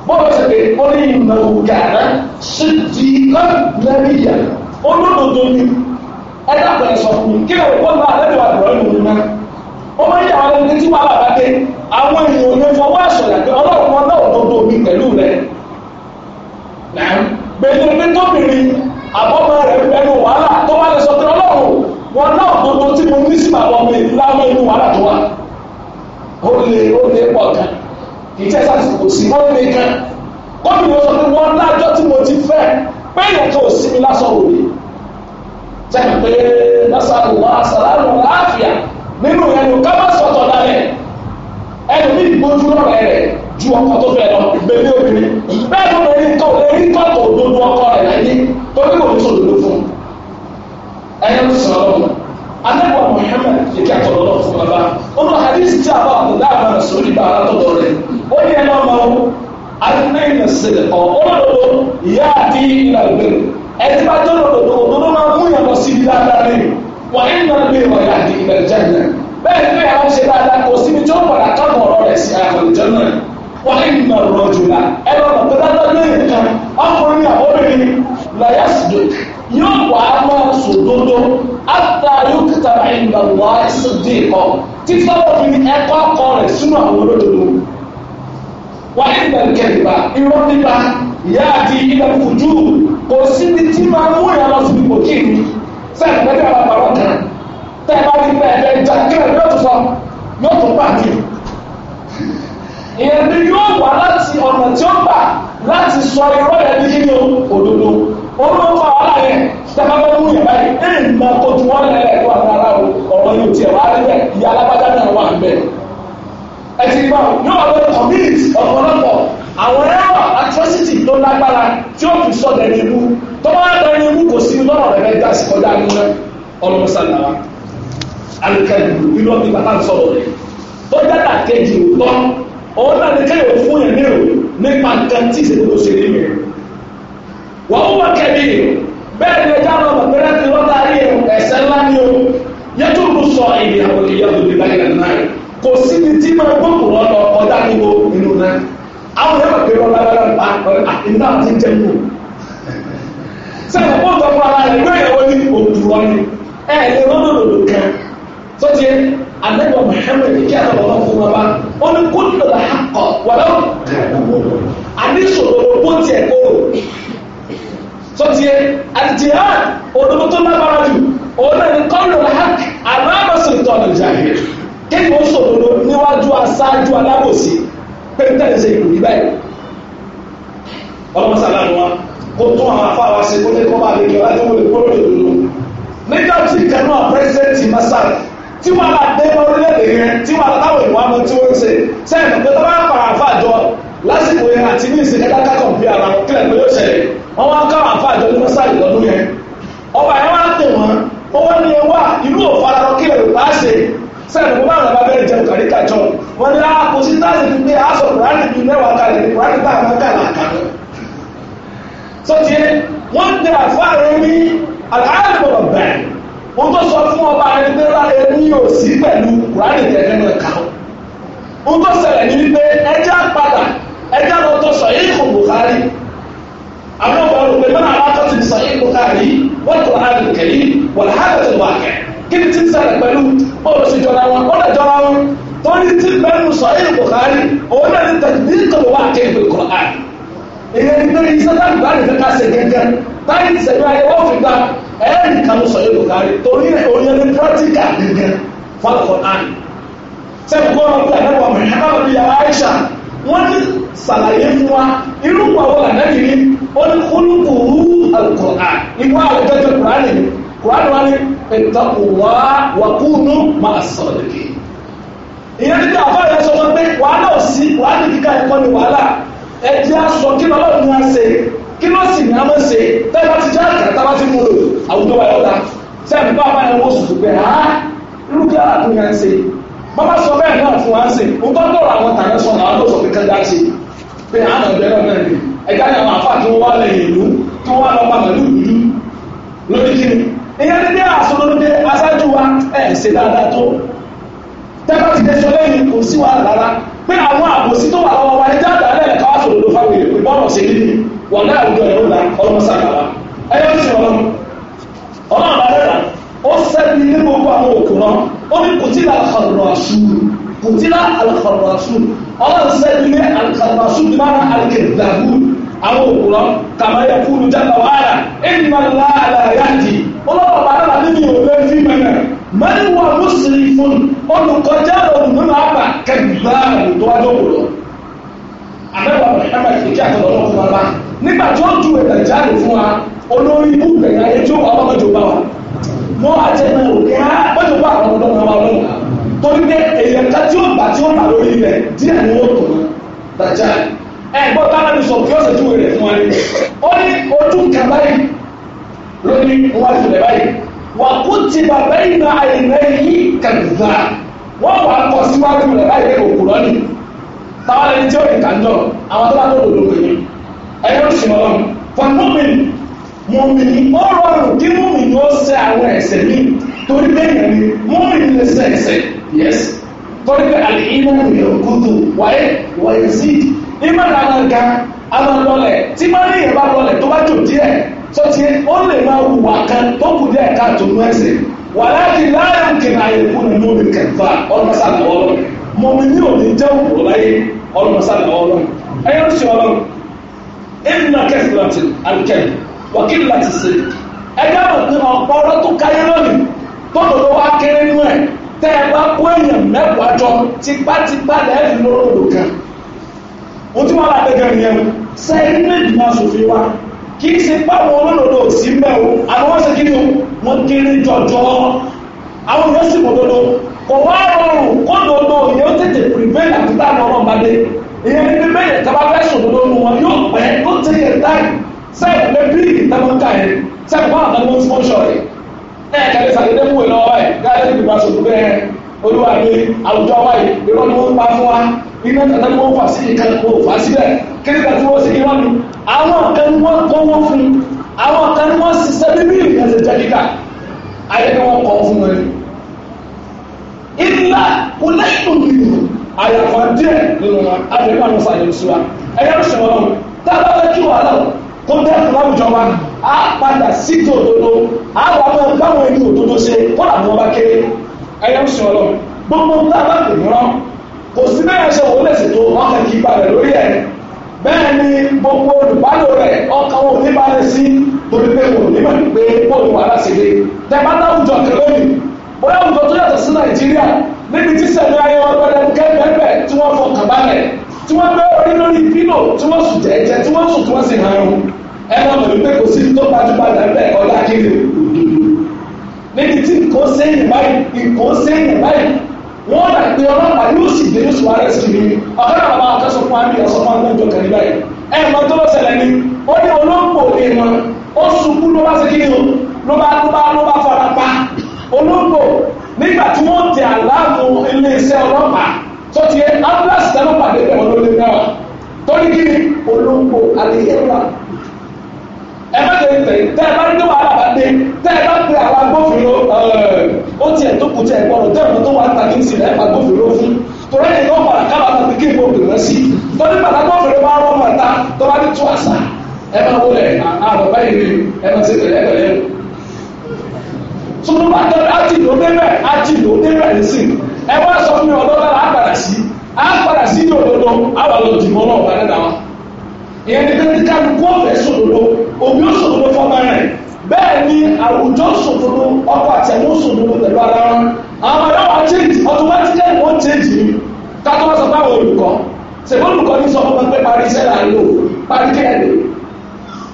bọ́ọ̀lù ṣèké ó ní ìmọ̀ ògànà ṣe di lẹ́bíyà olódodo ni ẹ̀dá pẹ̀lú sọ fún mi kí wọ́n bá àlẹ́ ìwà ìwà ìwà ó máa ń yà wọn létí wà lábàdé àwọn èèyàn ò ní fọwọ́ àṣọ gbèdé ní tóbìnrin àbọ̀mọ rẹ̀ ẹnu wàhálà tó wà lè sọ pé ọlọ́run wọn náà gbogbo tí mo ní sí màbọ̀ mi láwọn inú wàhálà tó wà ó lè ó lè pọ̀ gan kì í tẹ́ sásìkò sí ó lè gan gómìnà sọ pé wọn lájọ́ tí mo ti fẹ́ pé ìyàtọ̀ òsínmi lásán òde sẹ́yìn pé lásán wà sàlámù láàfíà nínú ẹnu ká má sọ̀tọ̀ dalẹ̀ ẹnu ní ìgbójú lọ́rẹ̀ rẹ̀ ju ọkọ̀ tó fẹ́ lọ gbẹ̀lẹ́ obìnrin bẹ́ẹ̀ ló bẹ̀rẹ̀ ẹ̀yẹ́ ń sọ̀rọ̀ ọ̀hún anábọ̀ Muhammad yìí kí àtọ̀rọ̀ lọ fún bàbá ọmọ hadith tí a bá àbúdá àbára sórí bá alátọ̀dọ̀ rẹ̀ ó ní ẹ̀ lọ́mọ adúlẹ̀yìn sílẹ̀ ọ̀ ọlọ́dọ̀ ìyá àti ìlà òbẹ̀rẹ̀ ẹtí bá tó lọ́dọ̀ òdodo máa mú yàn lọ síbi dáadáa rẹ̀ wọ́n ń nà lé wọ́n yà àti ìlà ìjànà bẹ́ẹ̀ ni àwọn ṣe dáadáa kò síbi tó padà tọ́nà ọ̀rọ̀ rẹ̀ sí àwọn ìjànà wọ́n ń nà rọ̀ jùlá ẹ lọ́dọ̀ tó dáadáa lóye kan ọkùnrin àbọ̀rẹ̀ ni lọ́yà yóò wà á máa sòdodo áta yóò kíta ìgbà wà á sòdè kọ títí wọn fi ẹ̀kọ́ kọ rẹ sínú àwọn olódodo wà á ìgbà kẹrìbà irọ́ nípa ìyá àti ìgbà fojú kò síbi tí máa mú ìyá lọ sí ipò kí ni sẹ́yìn pẹ́ẹ́tẹ́ àwọn àpárọ̀ kan tẹ́ẹ̀ bá ti bẹ́ẹ̀ bẹ́ẹ̀ jà kílẹ̀ yóò tún sọ yóò tún pàdé ìyẹn ni yóò wà láti ọ̀nà tí ó gbà láti sọ irọ́ yẹn ní kíni òdodo ó ló ń fa wàhálà yẹn dábàbà mú yàrá yìí ẹ̀ ń máa kojú wọn lẹ́lẹ̀ ẹ̀kọ́ àtàrà o ọ̀rọ̀ yóò tiẹ̀ wá rí bẹ́ẹ̀ ìyá alágbádá náà wà ń bẹ̀. ẹ ti gbà yóò wà lórí commit ọ̀pọ̀lọpọ̀ àwọn ẹ̀rọ atrocity tó lágbára tí ó fi sọ̀dẹ̀ ní ibú tó bá dẹ̀ ní ibú kò sí lọ́rọ̀ rẹ̀ mẹ́ta sí kọjá nínú ọlọ́mọsálàmá alùpàdé ìlú ọ̀gbìn bàtà ń sọ̀rọ̀ rẹ̀ tó dáadáa òun náà ní kẹ́yọ̀ fún yẹn nírò nípa nǹkan tí ìṣèlú tó ṣe nínú wà ó wà kẹ́bí bẹ́ẹ̀ ni ẹja lọ bàbẹ́rẹ́ ti lọ́ta rí ẹ̀sẹ̀ ńlá ni o yẹtù ló sọ èdè àwọn ìyàwó ìgbà ìlànà náà kò sí ní tí máa gbókùn lọ lọ ọjà nínú inú náà àwọn yẹn pè lọ lábẹ́rẹ́ nípa ìdá àti jẹ́nu sẹ́yìn fún ọ̀dọ́ fún ara rẹ̀ gbé ìyàwó ní òdùrọ̀ ni ẹ̀ ẹ̀ lè rọ́nà lòdò kan tó ti anabi muhammed kí ẹ̀rọ wọn fún wa bá ó ní kó ló la ha kọ wàlá ó àdéṣòro bó tiẹ̀ kóró sọtiẹ àdìjìhàn òdodo tó lábára jù òun náà ní kọ́ ló la ha alábàṣe tọ́lù jàhìrì kéèyàn ó sòdodo níwájú aṣáájú alábòsí pé ń tẹ̀lé ṣe ìlú yìí báyìí ọlọ́mọ sábà ni wọn kó tún àwọn afáwa ṣe kó lè kó bá lè kí ọlá tó wọlé kó lè lò nígbà tí kanáà pírẹsidẹ́ǹtì masari. tí wọ́n bá dé orílẹ̀-èdè yẹn tí wọ́n táwọn ìwà mọ tí ń ṣe sẹ́yìn pé tó bá para àfàjọ lásìkò yẹn àti ní ìsìn kẹta kákan bí ara kílẹ̀ pé yóò ṣẹlẹ̀ wá káwọn àfàjọ ní mọ́sáàlì lọ́dún yẹn ọba yẹn wá tẹ̀ ni wá ìlú kílẹ̀ bá ṣe sẹ́yìn pé báwọn bẹ̀rẹ̀ jẹun kàrí kàjọ wọn ni kò sí táàsì fi mo tó sọ fún ọba rẹ pé rárá èmi yóò sí pẹ̀lú kùránì tẹ̀lé náà kà ó mo tó ṣẹlẹ̀ ní wípé ẹja padà ẹja lọ tó sọ yìí kò Bukhari àwọn ọba rẹ pé mẹ́rin aláàtọ̀ ti sọ yìí Bukhari wọ́n tó hàbì kẹ́lí wọ́n hàbì tó wà kẹ́ kí ni ti ń ṣẹlẹ̀ pẹ̀lú bóòlù jọra wọn ó lè jọra wọn tó ti bẹ́ẹ̀ nù sọ yìí Bukhari òun náà ní tẹ̀lé èyẹ ní pé iṣẹ́ táyì bá rẹ̀ kẹ́kẹ́ ṣe gẹ́gẹ́ táyì ìṣẹ̀lẹ̀ ayé wọ́n fi gba ẹ̀ẹ́nì kan ló sọ yóò lò kárí torí òye ní pírọ́tíkà gẹ́gẹ́ fọ́lọ́fọ́ náà sẹ́kù gbọ́dọ̀ bí àdẹ́wọ̀ mẹ́hánà bí aláìṣà wọ́n ti ṣàlàyé fún wa irú pàwọ́ àdákìrí ó ní kúlùkùrú àlùkùrà ìwọ àwọn jẹ́jẹ́ kùránì kùránì wa ní ìtàkùn wá wàkúùnú máa sọ̀rọ̀ ìyẹn nígbà àbáyọ sọ wọn pé wàhálà ò sí wàhálà kíkà ẹ̀kọ́ ni wàhálà ẹ jẹ́ aṣọ kí ló lọ́dún náà ṣe kí ló sì ní àmọ́ ṣe bẹ́ẹ̀ bá ti jẹ́ àkàtà bá ti mú lò àwùjọ wa yọ̀ọ̀ta sẹ́ni bá bá yẹn wọ́n sùn pé á irú kí aláàbùn yẹn ṣe bàbá sọ bẹ́ẹ̀ náà fún wa ń ṣe nǹkan tó ra àwọn tàyẹ̀ sọ náà ló sọ pé kẹ́ńdá ṣe pé á nà bẹ́ẹ̀ náà mẹ́rin ẹ̀ka ni àwọn àfáà tí wọ́n wá lẹ́yìn ìlú tí wọ́n wá lọ pẹ̀lú ìlú tẹ́lá ti lè sọ lẹ́yìn kò sí wàhálà rárá pé àwọn àbòsí tó wà lọ́wọ́ wa ní jáde alẹ́ ká wá sọ̀rọ̀ ló fáwọn èrò ìbọ̀rọ̀ sí ní wọn náà àwùjọ ìlú la ọlọ́mọ sàkàlà ẹyẹ ti sọ̀rọ̀ ọlọ́run bá dẹ́ra ó sẹ́ni ní gbogbo àwọn òkú náà ó ní kùtìlá àlùkàrọ̀ṣù kùtìlá àlùkàrọ̀ṣù ọlọ́run sẹ́ni ní àlùkàrọ̀ṣù ti máa àlùkẹ̀dàbù àwọn òkú náà kàmáyà kúrú jábà wàhálà ẹni mẹ́rìnwá mùsùlùmí fún olùkọjá lòun nínú àgbà kẹgbà tó wájú òkúrò àbẹ̀wò àbẹ̀wò ìdíkí àtọ̀lọ́ náà fún wa bá nígbà tí ó ju ẹ̀dà jáde fún wa olórí ibú gbẹ̀yà ayé tí ó wà wọ́n mọ́jọ bá wa mọ́ àjẹmọ́ òkè á mọ́jọ bá àwọn ọmọdé wọn lọ́wọ́ torí pé èèyàn ká tí ó bà tí ó bà lórí ilẹ̀ díẹ̀ ni ó tó dàjà ẹ̀gbọ́n bá lẹ́nu sọ kí ó sì júwe rẹ̀ fún wa ní Wakuti bẹ́yìn náà àìrẹ́ yìí kẹ̀dùdà wọ́n wà á kọ síwájú rẹ̀ láì lè òkú lọ́nì táwọn ẹni tí ó lè kàńjọ àwọn tó bá tó lòdò pè é ẹ̀yọ́ sì mọ́ lọ́nù fọ̀nùmí mọ̀mìnì ó rọrùn kí mọ̀mìnì ó ṣe àwọn ẹ̀ṣẹ̀ ní torí bẹ́yìn ni mọ̀mìnì lè ṣe ẹ̀ṣẹ̀ yẹs torí pé àlè iná rẹ̀ òkútù wáyé wáyé sí ìmọ̀ràn àwọn ga àwọn lọlẹ̀ tí má tó ti ó lè máa ụwa kan tó kù díẹ̀ káàtó nú wà láti láàrín kìnnà àyẹ̀kú nínú omi kẹfà ọlọ́mọ sàlẹ̀ ọlọ́run mọ̀mí ní òní jẹ́ òwúrọ̀ láyé ọlọ́mọ sàlẹ̀ ọlọ́run ẹ̀yọ́ ti ọlọ́run ẹ̀mí náà kẹ́sì láti àǹkẹ́rì wọ́kìlì láti ṣe ẹgbẹ́ tó káyé lónìí wá kéré ẹ bá kó èèyàn jọ tipátipá kì í ṣe páwọn olódodo sí ń bẹ̀ o àwọn wọ́n ṣe kí ni wọ́n kéré jọjọ àwọn yóò sì mọ̀dodo kò wá rọrùn kó dodo ìyẹn ó tètè pèvé àtúntà lọ́rọ̀ bá dé ìyẹn ní bẹ́ẹ̀ tábà fẹ́ sùn dodo nu wọn yóò pẹ́ tó ti yẹ táì sẹ́ẹ̀ lé bí ìtàkùnkà yẹn sẹ́ẹ̀ fún àtàkùn fún ṣọ̀rẹ́ ẹ̀ kẹ́lẹ́ sàdédé mú ìlọ́wọ́ ẹ̀ gáàdé olúwa ní àwùjọ wa yìí ìwọ ni wọ́n pa fún wa iná tàbí ni wọ́n fà sí ìka kò fà síbẹ̀ kíríkà tí wọ́n sì irọ́ ni àwọn kan ni wọ́n kọ́ wọ́n fún àwọn kan ni wọ́n ṣiṣẹ́ bíbí ìkànsẹ̀ jẹ́ kíkà ayé ni wọ́n kọ́ fún wọn. ìlà kúlẹ́tù nìyí àyàfọ̀ díẹ̀ nínú wọn àbẹ̀kọ́ àwọn sàyẹ̀wò sí wa ẹ̀yẹ́ ń sọ̀rọ̀ wọn tábà bẹ́ẹ̀ kí wàhálà wọn kó dẹ́kun láwùjọ wa á padà sí ti òdodo á wà ẹ̀yà ń sọ lọ gbogbo tá a bá tè ní rán kò sí náà ẹ̀ṣẹ̀ wò lè ṣètò wọn kàn kí balẹ̀ lórí ẹ̀ bẹ́ẹ̀ ni gbogbo olùbálò rẹ̀ ọkàn wọn ò ní balẹ̀ sí torí pé wọn ò ní mọ̀ pé bóòlù wà láṣẹlẹ̀ tẹ̀bátà àwùjọ kẹlẹ́mì bóyá àwùjọ tó yàtọ̀ sí Nàìjíríà níbi tí sẹ̀lẹ̀ ayé wọn gbọ́dọ̀ kẹ́gbẹ́gbẹ́ tí wọ́n fọkàn balẹ̀ tí wọ́n gbé orí lórí pínò tí wọ́n sùn jẹ́jẹ́ tí wọ́n sùn tí wọ́n sì hàn án ẹ̀rọ mọ̀ wípé kò sí tó gbajúgbajà bẹ́ẹ̀ ọ̀dà kiri níbi tí nǹkan sẹ́yìn báyìí nǹkan sẹ́yìn báyìí wọ́n dà pé ọlọ́pàá yóò sì dé yóò sì wá rẹ́sì mi ọ̀kadà bàbá akẹ́sọ̀ fún àmì ọ̀sán fún àmì ọjọ́ ẹ̀ mọ tó lọ ṣẹlẹ̀ ni ó ní olóńgbò ní ìmọ̀ ó sunkún ló bá ṣe kí ni o ló bá ló bá ló bá fara pa olóńgbò nígbà tí wọ́n tẹ àláàbò iléeṣẹ́ ọlọ́pàá tó ti yẹ ambulance tẹ́lọ́pàá dé bẹ̀rẹ̀ olóńgbò náà tó ní kí olóńgbò alẹ́ yẹn wà ẹ má tẹ̀lé tẹ̀lé tẹ́ ẹ bá ní wàhálà bá dé tẹ́ ẹ bá pe àwọn agbófinró ó tiẹ̀ tó kù tẹ́ ẹ gbọ́dọ̀ tẹ́ ẹ̀kọ́ tó wà tàbí ti rẹ̀ agbófinró fún torí ẹni tó fà kábà tàbí kí ìbò bẹ̀rẹ̀ sí torí pàtà agbófinró bá rọ́ màtá tó bá ní tú àṣà ẹ má wọlé àwọn báyìí rí ẹ má ti tẹ̀lé ẹgbẹ̀rẹ̀ tuntun bá tẹ̀lé àtìló débẹ̀ àtìló débẹ̀ nísìn ẹ wá sọ fún mi ọ̀dọ́ agbada sí ní òdodo àwọn àlọ́ dìbò náà wà nínú àwọn ìyẹn ní kí kálukú ọ̀fẹ́ sódodo òbí òṣòdodo fọ́mọ rẹ̀ bẹ́ẹ̀ ni àwùjọ òṣòdodo ọkọ àti ẹ̀mú òṣòdodo pẹ̀lú ara wọn àwọn ará wa change automatically wọ́n change ni kátó wọ́n sọ pé àwọn olùkọ́ ṣèlú olùkọ́ ní sọ fún wọn pé parí iṣẹ́ là ń lò parí kẹ́ẹ̀dẹ̀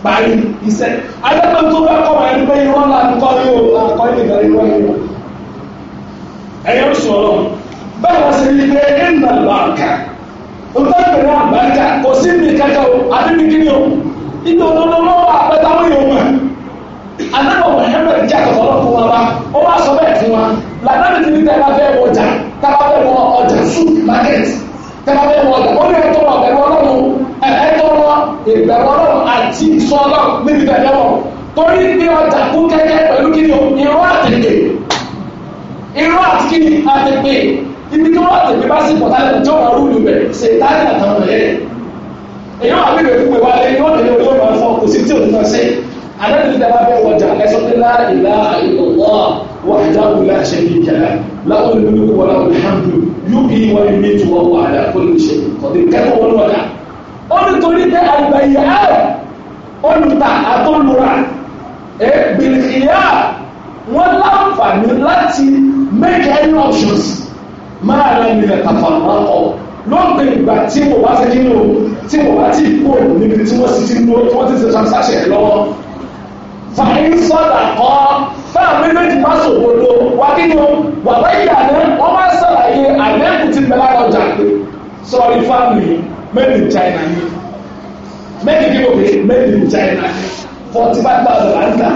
parí iṣẹ́ adẹ́gbẹ́ tó bá kọ́ wọn pé irọ́ là ń kọ́ yóò là ń kọ́ yóò gbà irọ́ yóò ẹ̀yẹ́ oṣù ọlọ́run bẹ́ẹ̀ wọ́n ṣe ní pé ẹ̀ ń nà lọ́ àkà òtẹ́gbẹ̀rẹ̀ àgbáńkà kò sí ní kẹ́kẹ́ o àbí ní kíni o ibi òdodo ló wà pẹ́tàwọ́ yóò mọ̀ anáwọ̀ Muhammad jẹ́ àkọsọ́lọ́ fún wa wa ó wá sọ bẹ́ẹ̀ fún wa lànàmì ti ní tẹ́lá fẹ́ wọ ọjà tẹ́lá fẹ́ wọ ọjà soup market tẹ́lá fẹ́ wọ ọjà ó ní ẹ̀tọ́ wọn ẹ̀bẹ̀rù ọlọ́run ẹ̀ẹ́tọ́ wọn ìbẹ̀rù ọlọ́run àti sọ́ọ́lọ́ níbi bẹ̀rẹ̀ wọn torí pé ọjà kú kẹ́kẹ́ pẹ̀lú kí ni irọ́ àtẹ̀kẹ́ irọ́ àti kí ni àtẹ̀kẹ́ ibi tí wọ́n àtẹ̀kẹ́ bá sì pọ̀ èyàn àwọn ìwé fún ìwà ẹni ó tẹ̀lé olóòrùn àwọn ọmọ kò sí tí òun náà sí adájọ́ ti dábàá bẹ́ẹ̀ wọjà ẹ̀sọ́tẹ́lá ìlà ìlọ́wọ́ wà ìdáhùn ilé àṣẹ ní ìjàlá láwọn olùdókòwò wọn láwọn ìhàndù yóò bí wọn ní méjì wọn wà á kó lè ṣe kọ̀dé kẹ́kọ̀ọ́ wọn wọ̀dà. ó ní torí pé àgbà ìyá olùta àtọ́lùra bìlìkìyà wọn láǹfààní láti make any options máa lẹ́nu ẹ̀ kàfà wọn kọ̀ lóògbé ìgbà tí mo bá ti nínú tí mo bá ti kó níbi tí wọ́n sì ti ń lo tí wọ́n ti ṣe transaction lọ́wọ́ fàyín sọ́dà kọ́ fáwọn méjèèjì bá sòwòlò wá nínú wàbá ìyàlẹ́ wọ́n máa ṣàlàyé àlẹ́kù ti bẹ̀rẹ̀ àwọn ọjà pé sọ́ọ́rí fáwọn made in China ni made in kíkọ́ pé made in China ni forty five thousand and ta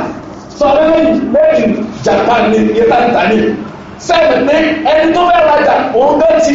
sọ́ọ́rí made in Japan ni yẹ́ta ní ta ni sẹ́ẹ̀mì ní ẹni tó fẹ́ rajà òun bẹ́ẹ̀ ti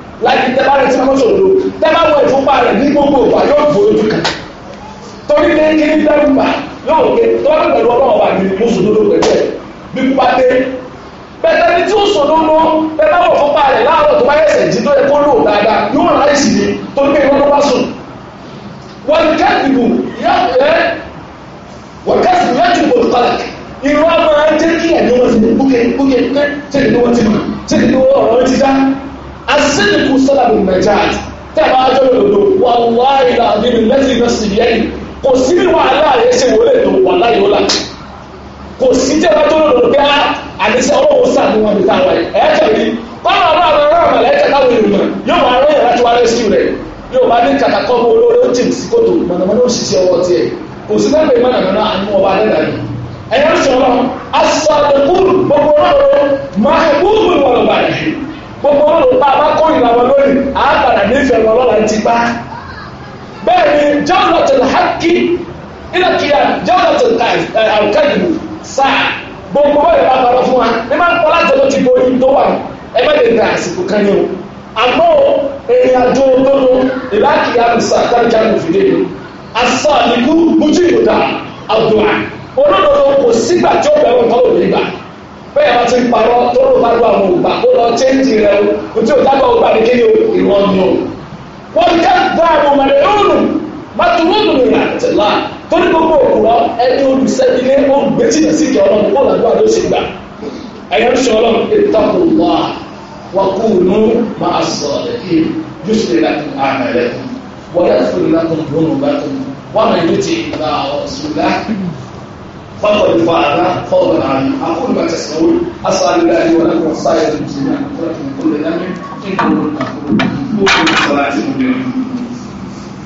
láti tẹ́lá rẹ̀ tí wọ́n sọ̀rọ̀ tẹ́lá wọ ìfúnpá rẹ̀ ní gbogbo ìgbà yóò fò lójú kan torí pé kí ní dẹ́rùbà yóò ké tọ́lá pẹ̀lú ọlọ́wọ́ bá ní mùsùlùmí pẹ̀lú ẹ̀ bí kú bá dé bẹ́ẹ̀ ni tí ó sòdodo bẹ́ẹ̀ bá wọ̀ fúnpá rẹ̀ láàárọ̀ tó bá yẹ̀sẹ̀ jí tó yẹ kó lò dáadáa yóò rà láì sì ní torí pé ìwọ́n bá sùn wọ́n kẹ́sìbù yẹ́ wọ́n kẹ́sìbù yẹ́ ju bòtú kalẹ̀ ìrọ̀ máa ń jẹ́ kí ẹ̀ ní wọ́n ti búkẹ́ asínìkù sọ́dàbù mẹ́jáàtì tẹ́lá ajọ́ lòdò wà láì láàbí mi lẹ́sìn náà sì yẹ́yìn kò sí ní wàhálà rẹ̀ ṣe wọlé tó wà láì ó là kò sí tẹ́ bá tó lòdò pé á ah, àdìsẹ́ ọlọ́wọ́ sàn ní wọn níta wáyé ẹ̀ ẹ́ tẹ̀lé báwọn ọ̀rọ̀ àwọn ọ̀rọ̀ àmàlẹ́ ẹ̀jẹ̀ táwọn ènìyàn yóò máa rẹ́ ìrìn àti wà rẹ́síù rẹ̀ yóò bá ní kàkàkọ́ bó olóró ó jìn gbogbo ọlọ́run bá a ìlànà lónìí à á padà ti pa. bẹ́ẹ̀ ni jawlatul haqqi ìlàkìyà jawlatul àrùkàdìbò eh, sáà gbogbo bẹ́ẹ̀ bá fún wa ní máa ń kọ́ láti ọdún ti bo oyin tó wà ẹgbẹ́ lè àsìkò kan yẹn o. àmọ́ ìlàkìyà ló fi dé bujú bẹ́ẹ̀ wọ́n ti ń parọ́ tó ló bá lọ àwọn ògbà kó lọ chéńjì rẹ o tí o dábàá ògbà ní kéde ìwọ̀n wọ́n ká gba àwọn ọmọdé lónù mọ́tò lónù ní gbogbo ẹni ní ó gbé tí kò sí kí ló ṣe gbà. ẹ̀yẹ́ ń sọ wà wà kú nù máa sọ yóò ṣe فقد فعل فضلا عنه اقول ما تسمعون اسال الله ولكم والسائر المسلمين ان كل ذنب انكم تقولون قولوا بصلاه